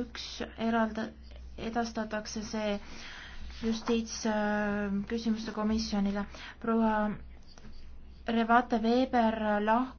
üks eralda-, edastatakse see justiitsküsimuste äh, komisjonile. proua Revate Veber lahkub.